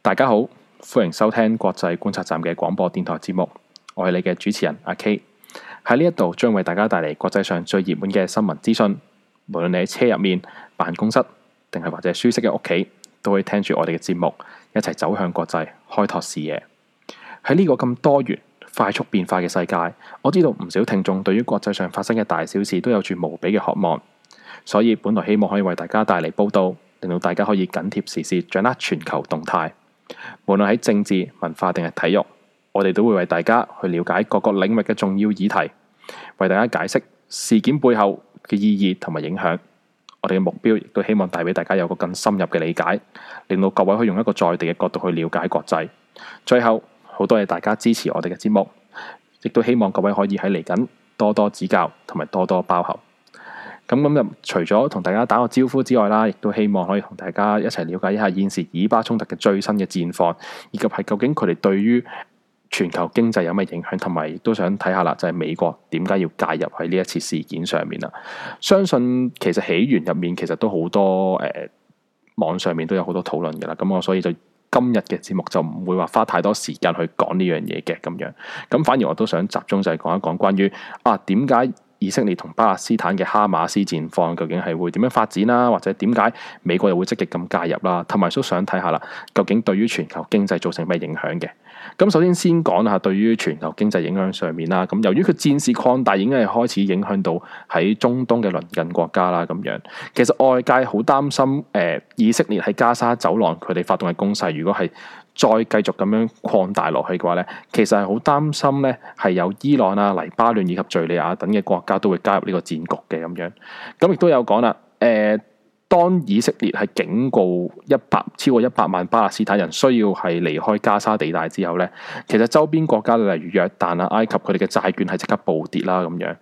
大家好，歡迎收聽國際觀察站嘅廣播電台節目。我係你嘅主持人阿 K，喺呢一度將為大家帶嚟國際上最熱門嘅新聞資訊。無論你喺車入面、辦公室，定係或者舒適嘅屋企，都可以聽住我哋嘅節目，一齊走向國際，開拓視野。喺呢個咁多元、快速變化嘅世界，我知道唔少聽眾對於國際上發生嘅大小事都有住無比嘅渴望，所以本來希望可以為大家帶嚟報道，令到大家可以緊貼時事，掌握全球動態。無論喺政治、文化定係體育，我哋都會為大家去了解各個領域嘅重要議題，為大家解釋事件背後嘅意義同埋影響。我哋嘅目標亦都希望帶俾大家有個更深入嘅理解，令到各位可以用一個在地嘅角度去了解國際。最後，好多謝大家支持我哋嘅節目，亦都希望各位可以喺嚟緊多多指教同埋多多包涵。咁咁就除咗同大家打個招呼之外啦，亦都希望可以同大家一齊了解一下現時以巴衝突嘅最新嘅戰況，以及係究竟佢哋對於全球經濟有咩影響，同埋亦都想睇下啦，就係、是、美國點解要介入喺呢一次事件上面啦？相信其實起源入面其實都好多誒、呃、網上面都有好多討論嘅啦。咁我所以就今日嘅節目就唔會話花太多時間去講呢樣嘢嘅咁樣，咁反而我都想集中就係講一講關於啊點解。以色列同巴勒斯坦嘅哈馬斯戰況究竟係會點樣發展啦、啊？或者點解美國又會積極咁介入啦、啊？同埋都想睇下啦，究竟對於全球經濟造成咩影響嘅？咁首先先講下對於全球經濟影響上面啦。咁由於佢戰事擴大，已經係開始影響到喺中東嘅鄰近國家啦。咁樣其實外界好擔心，誒、呃、以色列喺加沙走廊佢哋發動嘅攻勢，如果係再繼續咁樣擴大落去嘅話咧，其實係好擔心咧，係有伊朗啊、黎巴嫩以及敘利亞等嘅國家都會加入呢個戰局嘅咁樣。咁亦都有講啦，誒、呃，當以色列係警告一百超過一百萬巴勒斯坦人需要係離開加沙地帶之後咧，其實周邊國家例如約旦啊、埃及佢哋嘅債券係即刻暴跌啦咁樣。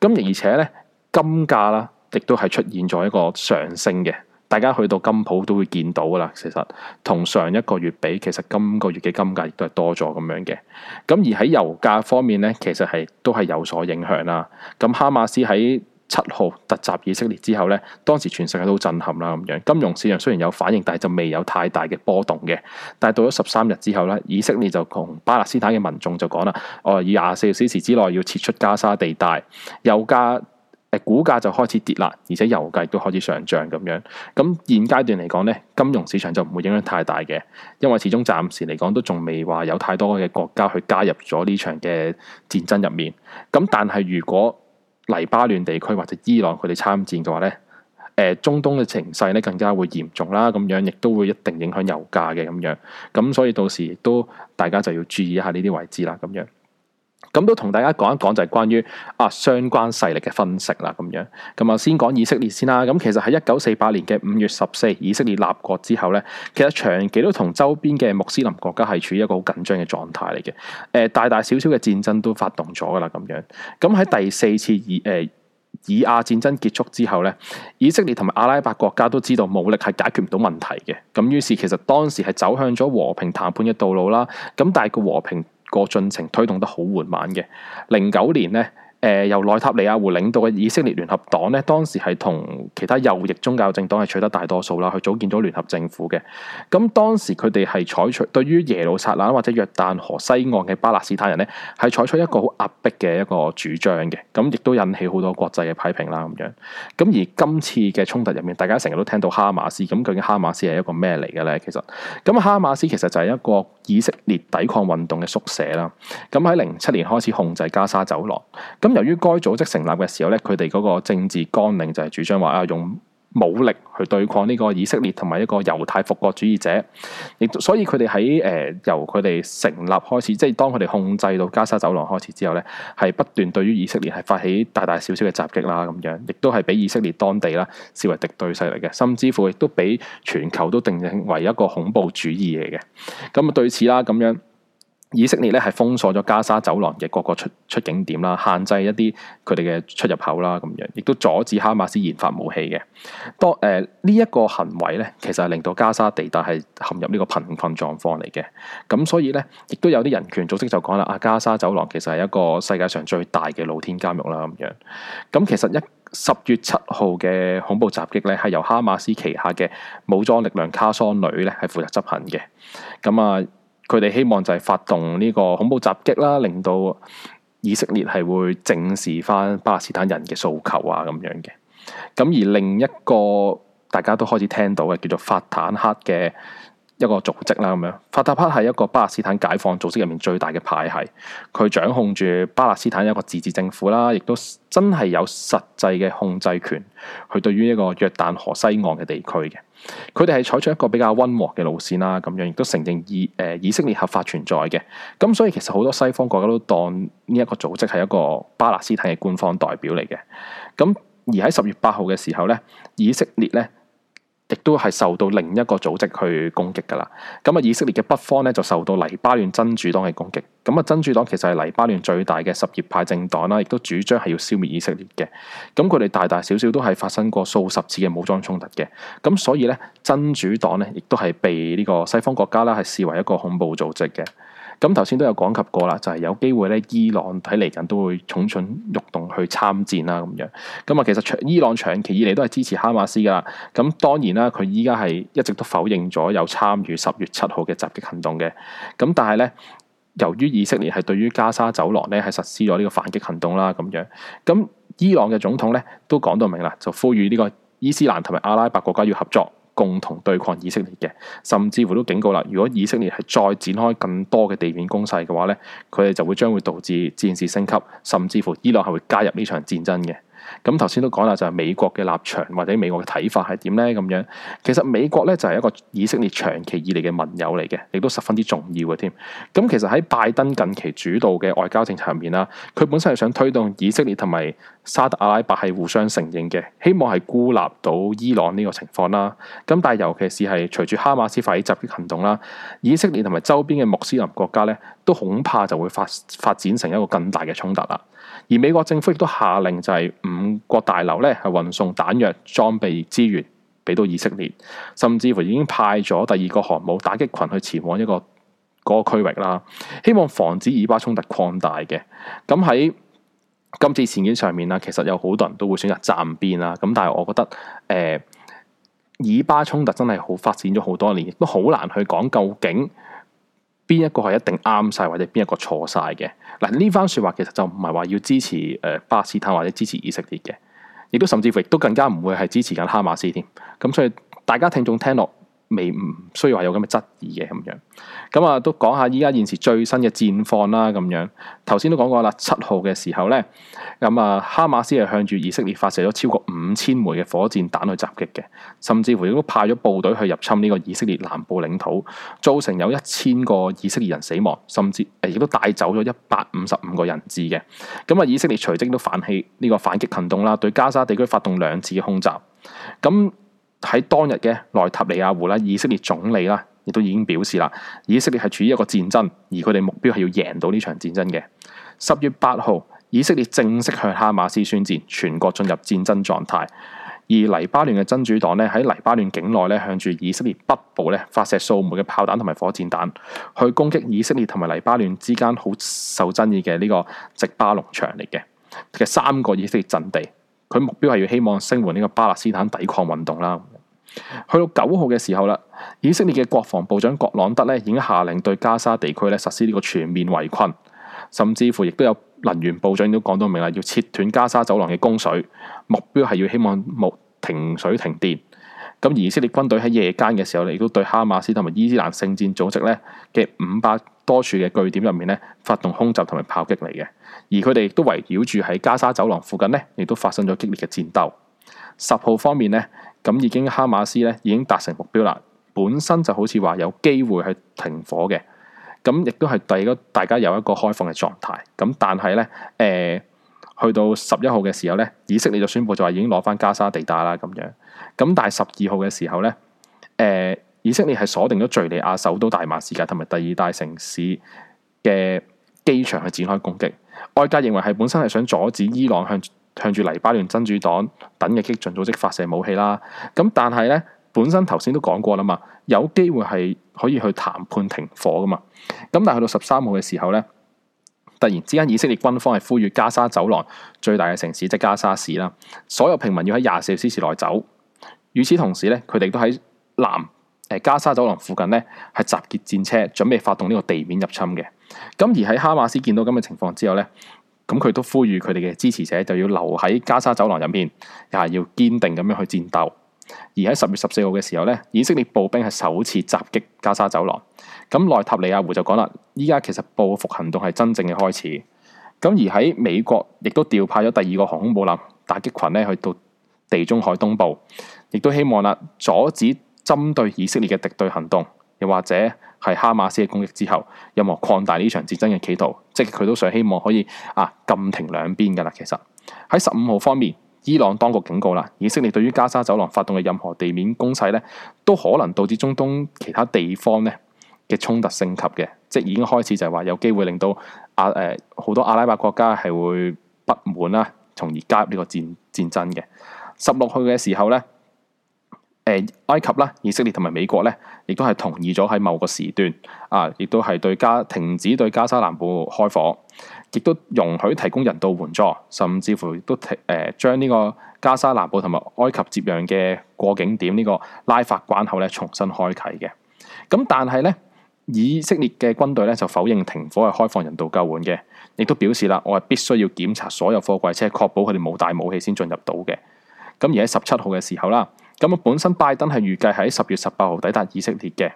咁而且咧，金價啦，亦都係出現咗一個上升嘅。大家去到金舖都會見到噶啦，其實同上一個月比，其實今個月嘅金價亦都係多咗咁樣嘅。咁而喺油價方面呢，其實係都係有所影響啦。咁哈馬斯喺七號突襲以色列之後呢，當時全世界都震撼啦咁樣。金融市場雖然有反應，但係就未有太大嘅波動嘅。但係到咗十三日之後呢，以色列就同巴勒斯坦嘅民眾就講啦，我以廿四小時之內要撤出加沙地帶，油價。誒股價就開始跌啦，而且油價亦都開始上漲咁樣。咁現階段嚟講呢，金融市場就唔會影響太大嘅，因為始終暫時嚟講都仲未話有太多嘅國家去加入咗呢場嘅戰爭入面。咁但係如果黎巴嫩地區或者伊朗佢哋參戰嘅話呢，中東嘅情勢呢更加會嚴重啦，咁樣亦都會一定影響油價嘅咁樣。咁所以到時都大家就要注意一下呢啲位置啦，咁樣。咁都同大家講一講，就係關於啊相關勢力嘅分析啦，咁樣咁啊，先講以色列先啦。咁其實喺一九四八年嘅五月十四，以色列立國之後咧，其實長期都同周邊嘅穆斯林國家係處於一個好緊張嘅狀態嚟嘅。誒、呃，大大小小嘅戰爭都發動咗噶啦，咁樣。咁喺第四次以誒、呃、以亞戰爭結束之後咧，以色列同埋阿拉伯國家都知道武力係解決唔到問題嘅。咁於是其實當時係走向咗和平談判嘅道路啦。咁但係個和平。個進程推動得好緩慢嘅，零九年咧。誒、呃、由內塔尼亞胡領導嘅以色列聯合黨咧，當時係同其他右翼宗教政黨係取得大多數啦，去組建咗聯合政府嘅。咁當時佢哋係採取對於耶路撒冷或者約旦河西岸嘅巴勒斯坦人呢，係採取一個好壓迫嘅一個主張嘅。咁亦都引起好多國際嘅批評啦，咁樣。咁而今次嘅衝突入面，大家成日都聽到哈馬斯。咁究竟哈馬斯係一個咩嚟嘅呢？其實，咁哈馬斯其實就係一個以色列抵抗運動嘅縮寫啦。咁喺零七年開始控制加沙走廊。咁由於該組織成立嘅時候咧，佢哋嗰個政治綱領就係主張話啊，用武力去對抗呢個以色列同埋一個猶太復國主義者。亦所以佢哋喺誒由佢哋成立開始，即係當佢哋控制到加沙走廊開始之後咧，係不斷對於以色列係發起大大小小嘅襲擊啦，咁樣亦都係俾以色列當地啦視為敵對勢力嘅，甚至乎亦都俾全球都定義為一個恐怖主義嚟嘅。咁啊，對此啦，咁樣。以色列咧係封鎖咗加沙走廊嘅各個出出境點啦，限制一啲佢哋嘅出入口啦，咁樣亦都阻止哈馬斯研發武器嘅。當誒呢一個行為咧，其實係令到加沙地帶係陷入呢個貧困狀況嚟嘅。咁所以咧，亦都有啲人權組織就講啦，阿、啊、加沙走廊其實係一個世界上最大嘅露天監獄啦，咁樣。咁其實一十月七號嘅恐怖襲擊咧，係由哈馬斯旗下嘅武裝力量卡桑旅咧係負責執行嘅。咁啊～佢哋希望就係發動呢個恐怖襲擊啦，令到以色列係會正視翻巴勒斯坦人嘅訴求啊，咁樣嘅。咁而另一個大家都開始聽到嘅叫做法坦克嘅。一個組織啦咁樣，法塔赫係一個巴勒斯坦解放組織入面最大嘅派系，佢掌控住巴勒斯坦一個自治政府啦，亦都真係有實際嘅控制權，佢對於一個約旦河西岸嘅地區嘅，佢哋係採取一個比較溫和嘅路線啦，咁樣亦都承認以誒、呃、以色列合法存在嘅，咁所以其實好多西方國家都當呢一個組織係一個巴勒斯坦嘅官方代表嚟嘅，咁而喺十月八號嘅時候呢，以色列呢。亦都係受到另一個組織去攻擊噶啦，咁啊以色列嘅北方咧就受到黎巴嫩真主黨嘅攻擊，咁啊真主黨其實係黎巴嫩最大嘅什葉派政黨啦，亦都主張係要消滅以色列嘅，咁佢哋大大小小都係發生過數十次嘅武裝衝突嘅，咁所以咧真主黨咧亦都係被呢個西方國家啦係視為一個恐怖組織嘅。咁頭先都有講及過啦，就係有機會咧，伊朗喺嚟緊都會蠢蠢欲動去參戰啦咁樣。咁啊，其實長伊朗長期以嚟都係支持哈馬斯㗎啦。咁當然啦，佢依家係一直都否認咗有參與十月七號嘅襲擊行動嘅。咁但係咧，由於以色列係對於加沙走廊咧係實施咗呢個反擊行動啦，咁樣，咁伊朗嘅總統咧都講到明啦，就呼籲呢個伊斯蘭同埋阿拉伯國家要合作。共同對抗以色列嘅，甚至乎都警告啦，如果以色列係再展開更多嘅地面攻勢嘅話咧，佢哋就會將會導致戰事升級，甚至乎伊朗係會加入呢場戰爭嘅。咁頭先都講啦，就係美國嘅立場或者美國嘅睇法係點呢？咁樣？其實美國咧就係一個以色列長期以嚟嘅盟友嚟嘅，亦都十分之重要嘅添。咁其實喺拜登近期主導嘅外交政策入面啦，佢本身係想推動以色列同埋沙特阿拉伯係互相承認嘅，希望係孤立到伊朗呢個情況啦。咁但係尤其是係隨住哈馬斯發起襲擊行動啦，以色列同埋周邊嘅穆斯林國家咧，都恐怕就會發發展成一個更大嘅衝突啦。而美國政府亦都下令就係五角大樓咧，係運送彈藥、裝備資源俾到以色列，甚至乎已經派咗第二個航母打擊群去前往一個嗰、那個區域啦，希望防止以巴衝突擴大嘅。咁喺今次事件上面啦，其實有好多人都會選擇站邊啦。咁但係我覺得，誒、呃，以巴衝突真係好發展咗好多年，亦都好難去講究竟。邊一個係一定啱晒，或者邊一個錯晒嘅？嗱，呢番説話其實就唔係話要支持誒巴勒斯坦或者支持以色列嘅，亦都甚至乎亦都更加唔會係支持緊哈馬斯添。咁所以大家聽眾聽落。未唔需要話有咁嘅質疑嘅咁樣，咁啊都講下依家現時最新嘅戰況啦咁樣，頭先都講過啦，七號嘅時候咧，咁啊哈馬斯係向住以色列發射咗超過五千枚嘅火箭彈去襲擊嘅，甚至乎亦都派咗部隊去入侵呢個以色列南部領土，造成有一千個以色列人死亡，甚至亦都帶走咗一百五十五個人質嘅。咁啊以色列隨即都反起呢個反擊行動啦，對加沙地區發動兩次嘅空襲。咁。喺當日嘅內塔尼亞胡啦，以色列總理啦，亦都已經表示啦，以色列係處於一個戰爭，而佢哋目標係要贏到呢場戰爭嘅。十月八號，以色列正式向哈馬斯宣戰，全國進入戰爭狀態。而黎巴嫩嘅真主黨咧，喺黎巴嫩境內咧，向住以色列北部咧發射數枚嘅炮彈同埋火箭彈，去攻擊以色列同埋黎巴嫩之間好受爭議嘅呢個直巴農場嚟嘅嘅三個以色列陣地。佢目標係要希望聲援呢個巴勒斯坦抵抗運動啦。去到九號嘅時候啦，以色列嘅國防部長郭朗德咧，已經下令對加沙地區咧實施呢個全面圍困，甚至乎亦都有能源部長都講到明啦，要切斷加沙走廊嘅供水，目標係要希望冇停水停電。咁以色列軍隊喺夜間嘅時候，亦都對哈馬斯同埋伊斯蘭聖戰組織咧嘅五百多處嘅據點入面咧，發動空襲同埋炮擊嚟嘅。而佢哋亦都圍繞住喺加沙走廊附近咧，亦都發生咗激烈嘅戰鬥。十號方面咧。咁已經哈馬斯咧已經達成目標啦，本身就好似話有機會去停火嘅，咁亦都係第二個大家有一個開放嘅狀態。咁但係咧，誒、呃、去到十一號嘅時候咧，以色列就宣布就話已經攞翻加沙地帶啦咁樣。咁但係十二號嘅時候咧，誒、呃、以色列係鎖定咗敍利亞首都大馬士革同埋第二大城市嘅機場去展開攻擊。外界認為係本身係想阻止伊朗向向住黎巴嫩真主黨等嘅激進組織發射武器啦，咁但係呢，本身頭先都講過啦嘛，有機會係可以去談判停火噶嘛，咁但係去到十三號嘅時候呢，突然之間以色列軍方係呼籲加沙走廊最大嘅城市即加沙市啦，所有平民要喺廿四小時內走。與此同時呢，佢哋都喺南誒加沙走廊附近呢，係集結戰車，準備發動呢個地面入侵嘅。咁而喺哈馬斯見到咁嘅情況之後呢。咁佢都呼籲佢哋嘅支持者就要留喺加沙走廊入面，又係要堅定咁樣去戰鬥。而喺十月十四號嘅時候呢，以色列步兵係首次襲擊加沙走廊。咁內塔尼亞胡就講啦，依家其實報復行動係真正嘅開始。咁而喺美國亦都調派咗第二個航空母艦打擊群呢去到地中海東部，亦都希望啦阻止針對以色列嘅敵對行動，又或者。係哈馬斯嘅攻擊之後，有冇擴大呢場戰爭嘅企圖？即係佢都想希望可以啊，暫停兩邊噶啦。其實喺十五號方面，伊朗當局警告啦，以色列對於加沙走廊發動嘅任何地面攻勢呢，都可能導致中東其他地方呢嘅衝突升級嘅。即係已經開始就係話有機會令到阿誒好、呃、多阿拉伯國家係會不滿啦，從而加入呢個戰戰爭嘅。十六號嘅時候呢。埃及啦、以色列同埋美國咧，亦都係同意咗喺某個時段啊，亦都係對加停止對加沙南部開火，亦都容許提供人道援助，甚至乎亦都誒、呃、將呢個加沙南部同埋埃及接壤嘅過境點呢、呢個拉法關口咧重新開啓嘅。咁但係呢，以色列嘅軍隊咧就否認停火係開放人道救援嘅，亦都表示啦，我係必須要檢查所有貨櫃車，確保佢哋冇帶武器先進入到嘅。咁而喺十七號嘅時候啦。咁啊，本身拜登係預計喺十月十八號抵達以色列嘅，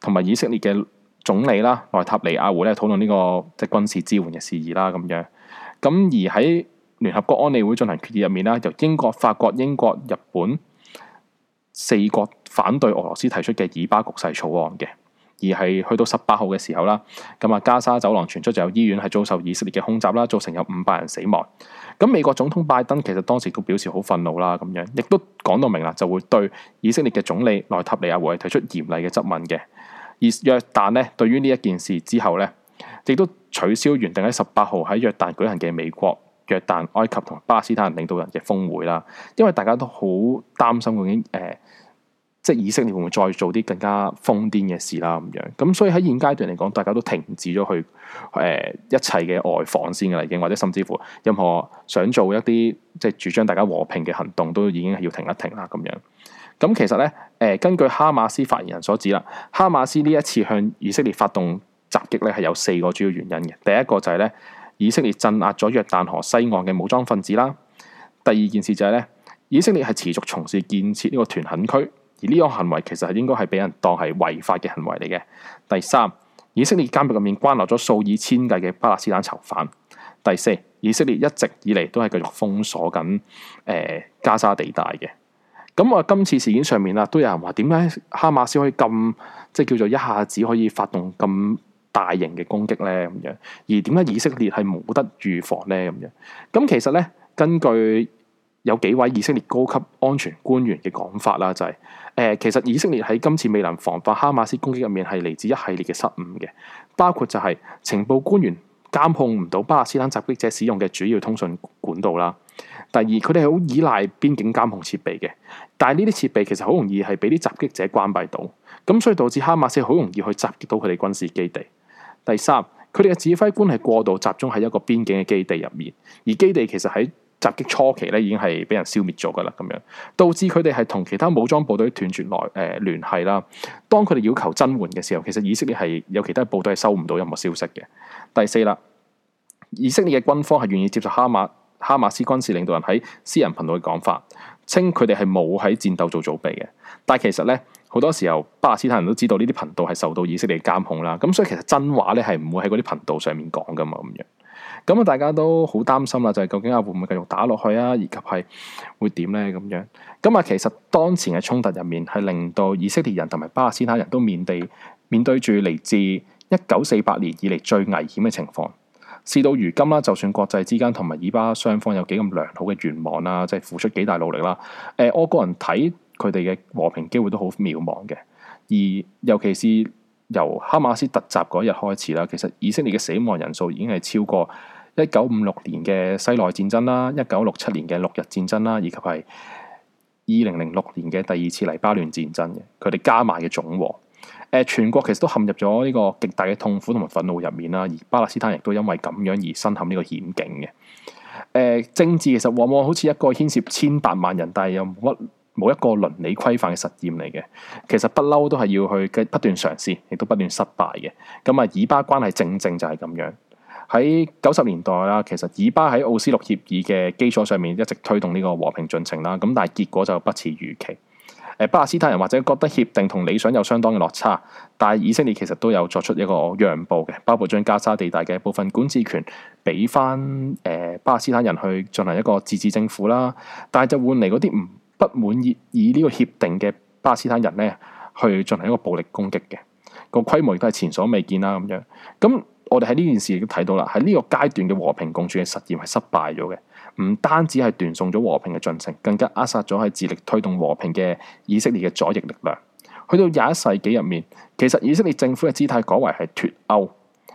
同埋以色列嘅總理啦，內塔尼亞胡咧討論呢個即、即係、軍事支援嘅事宜啦，咁樣。咁而喺聯合國安理會進行決議入面啦，由英國、法國、英國、日本四國反對俄羅斯提出嘅以巴局勢草案嘅，而係去到十八號嘅時候啦，咁啊加沙走廊傳出就有醫院係遭受以色列嘅空襲啦，造成有五百人死亡。咁美國總統拜登其實當時都表示好憤怒啦，咁樣亦都講到明啦，就會對以色列嘅總理內塔尼亞胡提出嚴厲嘅質問嘅。而約旦呢，對於呢一件事之後呢，亦都取消原定喺十八號喺約旦舉行嘅美國、約旦、埃及同巴勒斯坦領導人嘅峰會啦，因為大家都好擔心究竟誒、呃即係以色列會唔會再做啲更加瘋癲嘅事啦、啊？咁樣咁，所以喺現階段嚟講，大家都停止咗去誒、呃、一切嘅外訪先啦，已經或者甚至乎任何想做一啲即係主張大家和平嘅行動，都已經係要停一停啦。咁樣咁，其實咧誒、呃，根據哈馬斯發言人所指啦，哈馬斯呢一次向以色列發動襲擊咧，係有四個主要原因嘅。第一個就係咧，以色列鎮壓咗約旦河西岸嘅武裝分子啦。第二件事就係咧，以色列係持續從事建設呢個屯墾區。而呢個行為其實係應該係俾人當係違法嘅行為嚟嘅。第三，以色列監獄入面關留咗數以千計嘅巴勒斯坦囚犯。第四，以色列一直以嚟都係繼續封鎖緊加沙地帶嘅。咁、嗯、啊，今次事件上面啊，都有人話點解哈馬斯可以咁即係叫做一下子可以發動咁大型嘅攻擊呢？咁樣？而點解以色列係冇得預防呢？咁、嗯、樣？咁其實呢，根據有幾位以色列高級安全官員嘅講法啦、就係，就係誒，其實以色列喺今次未能防範哈馬斯攻擊入面，係嚟自一系列嘅失誤嘅，包括就係情報官員監控唔到巴勒斯坦襲擊者使用嘅主要通訊管道啦。第二，佢哋好依賴邊境監控設備嘅，但係呢啲設備其實好容易係俾啲襲擊者關閉到，咁所以導致哈馬斯好容易去襲擊到佢哋軍事基地。第三，佢哋嘅指揮官係過度集中喺一個邊境嘅基地入面，而基地其實喺，襲擊初期咧，已經係俾人消滅咗噶啦，咁樣導致佢哋係同其他武裝部隊斷絕來誒聯繫啦。當佢哋要求增援嘅時候，其實以色列係有其他部隊係收唔到任何消息嘅。第四啦，以色列嘅軍方係願意接受哈馬哈馬斯軍事領導人喺私人頻道嘅講法，稱佢哋係冇喺戰鬥做準備嘅。但係其實咧，好多時候巴勒斯坦人都知道呢啲頻道係受到以色列嘅監控啦。咁所以其實真話咧係唔會喺嗰啲頻道上面講噶嘛，咁樣。咁啊，大家都好擔心啦，就係、是、究竟啊會唔會繼續打落去啊，以及係會點呢？咁樣？咁啊，其實當前嘅衝突入面係令到以色列人同埋巴勒斯坦人都面地面對住嚟自一九四八年以嚟最危險嘅情況。事到如今啦，就算國際之間同埋以巴雙方有幾咁良好嘅願望啦，即係付出幾大努力啦，誒、呃，我個人睇佢哋嘅和平機會都好渺茫嘅。而尤其是由哈馬斯突襲嗰日開始啦，其實以色列嘅死亡人數已經係超過，一九五六年嘅西奈戰爭啦，一九六七年嘅六日戰爭啦，以及係二零零六年嘅第二次黎巴嫩戰爭嘅，佢哋加埋嘅總和，誒、呃、全國其實都陷入咗呢個極大嘅痛苦同埋憤怒入面啦，而巴勒斯坦亦都因為咁樣而身陷呢個險境嘅。誒、呃、政治其實往往好似一個牽涉千百萬人，但係又冇乜冇一個倫理規範嘅實驗嚟嘅，其實不嬲都係要去不斷嘗試，亦都不斷失敗嘅。咁啊，以巴關係正正就係咁樣。喺九十年代啦，其實以巴喺奧斯陸協議嘅基礎上面一直推動呢個和平進程啦，咁但係結果就不似預期。誒巴勒斯坦人或者覺得協定同理想有相當嘅落差，但係以色列其實都有作出一個讓步嘅，包括將加沙地帶嘅部分管治權俾翻誒巴勒斯坦人去進行一個自治政府啦。但係就換嚟嗰啲唔不滿意以呢個協定嘅巴勒斯坦人呢，去進行一個暴力攻擊嘅，這個規模亦都係前所未見啦咁樣，咁。我哋喺呢件事亦都睇到啦，喺呢個階段嘅和平共處嘅實驗係失敗咗嘅，唔單止係斷送咗和平嘅進程，更加扼殺咗係致力推動和平嘅以色列嘅左翼力量。去到廿一世紀入面，其實以色列政府嘅姿態改為係脫歐，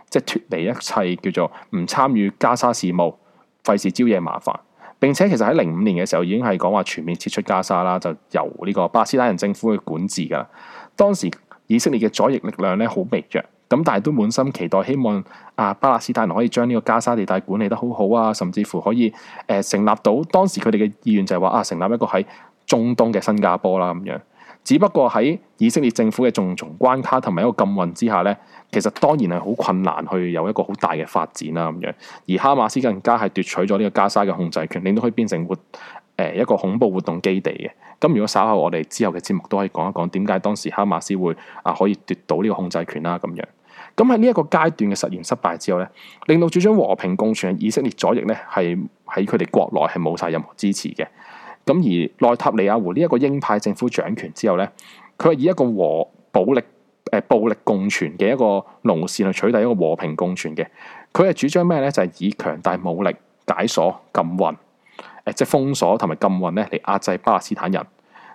即係脫離一切叫做唔參與加沙事務，費事招惹麻煩，並且其實喺零五年嘅時候已經係講話全面撤出加沙啦，就由呢個巴勒斯坦人政府去管治噶啦。當時以色列嘅左翼力量咧好微弱。咁但係都滿心期待，希望啊巴勒斯坦人可以將呢個加沙地帶管理得好好啊，甚至乎可以誒、呃、成立到當時佢哋嘅意願就係話啊成立一個喺中東嘅新加坡啦咁樣。只不過喺以色列政府嘅重重關卡同埋一個禁運之下呢，其實當然係好困難去有一個好大嘅發展啦咁樣。而哈馬斯更加係奪取咗呢個加沙嘅控制權，令到可以變成活誒、呃、一個恐怖活動基地嘅。咁如果稍後我哋之後嘅節目都可以講一講點解當時哈馬斯會啊可以奪到呢個控制權啦咁樣。咁喺呢一個階段嘅實驗失敗之後咧，令到主張和平共存嘅以色列左翼呢係喺佢哋國內係冇晒任何支持嘅。咁而內塔尼亞胡呢一個鷹派政府掌權之後咧，佢係以一個和暴力、誒、呃、暴力共存嘅一個龍線去取代一個和平共存嘅。佢係主張咩呢？就係、是、以強大武力解鎖、禁運、誒即係封鎖同埋禁運咧嚟壓制巴勒斯坦人。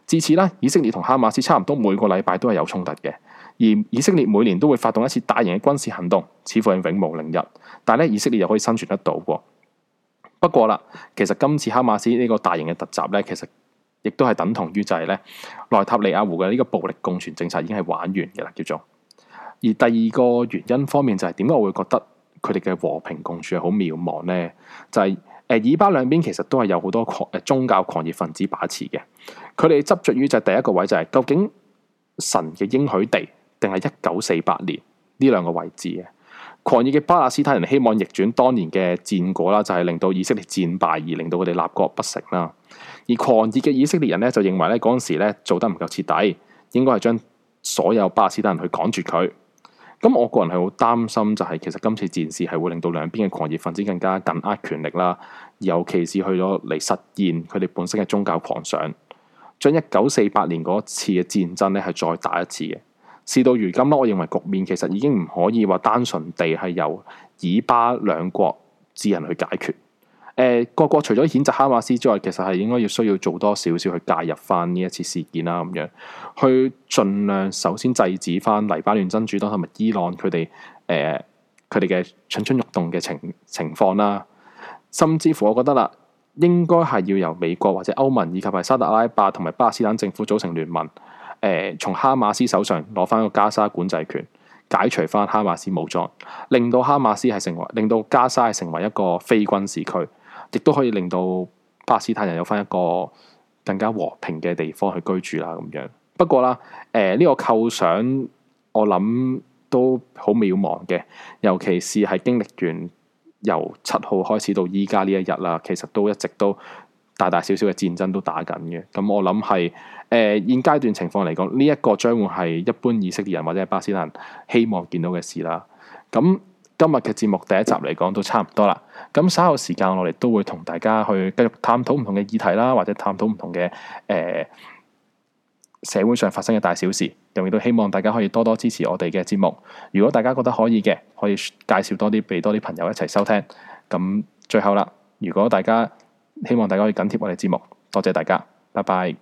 至此咧，以色列同哈馬斯差唔多每個禮拜都係有衝突嘅。而以色列每年都會發動一次大型嘅軍事行動，似乎係永無寧日。但係咧，以色列又可以生存得到，哦。不過啦，其實今次哈馬斯呢個大型嘅突襲咧，其實亦都係等同於就係咧，內塔尼亞胡嘅呢個暴力共存政策已經係玩完嘅啦，叫做。而第二個原因方面就係點解我會覺得佢哋嘅和平共處係好渺茫呢？就係、是、誒、呃，以巴兩邊其實都係有好多狂誒宗教狂熱分子把持嘅。佢哋執着於就係第一個位就係、是、究竟神嘅應許地。定係一九四八年呢兩個位置嘅狂熱嘅巴勒斯坦人希望逆轉當年嘅戰果啦，就係、是、令到以色列戰敗而令到佢哋立國不成啦。而狂熱嘅以色列人呢，就認為呢嗰陣時呢做得唔夠徹底，應該係將所有巴勒斯坦人去趕絕佢。咁我個人係好擔心，就係其實今次戰事係會令到兩邊嘅狂熱分子更加緊握權力啦，尤其是去咗嚟實現佢哋本身嘅宗教狂想，將一九四八年嗰次嘅戰爭呢，係再打一次嘅。事到如今啦，我認為局面其實已經唔可以話單純地係由以巴兩國之人去解決。誒、呃，各國除咗譴責哈馬斯之外，其實係應該要需要做多少少去介入翻呢一次事件啦，咁樣去盡量首先制止翻黎巴嫩真主黨同埋伊朗佢哋誒佢哋嘅蠢蠢欲動嘅情情況啦。甚至乎我覺得啦，應該係要由美國或者歐盟以及係沙特阿拉伯同埋巴勒斯坦政府組成聯盟。誒、呃，從哈馬斯手上攞翻個加沙管制權，解除翻哈馬斯武裝，令到哈馬斯係成為，令到加沙係成為一個非軍事區，亦都可以令到巴勒斯坦人有翻一個更加和平嘅地方去居住啦。咁樣不過啦，誒、呃、呢、這個構想我諗都好渺茫嘅，尤其是係經歷完由七號開始到依家呢一日啦，其實都一直都。大大小小嘅戰爭都打緊嘅，咁我諗係誒現階段情況嚟講，呢、這、一個將會係一般以色列人或者係巴勒斯坦人希望見到嘅事啦。咁今日嘅節目第一集嚟講都差唔多啦。咁稍後時間我哋都會同大家去繼續探討唔同嘅議題啦，或者探討唔同嘅誒、呃、社會上發生嘅大小事。又亦都希望大家可以多多支持我哋嘅節目。如果大家覺得可以嘅，可以介紹多啲俾多啲朋友一齊收聽。咁最後啦，如果大家，希望大家可以緊貼我哋節目，多謝大家，拜拜。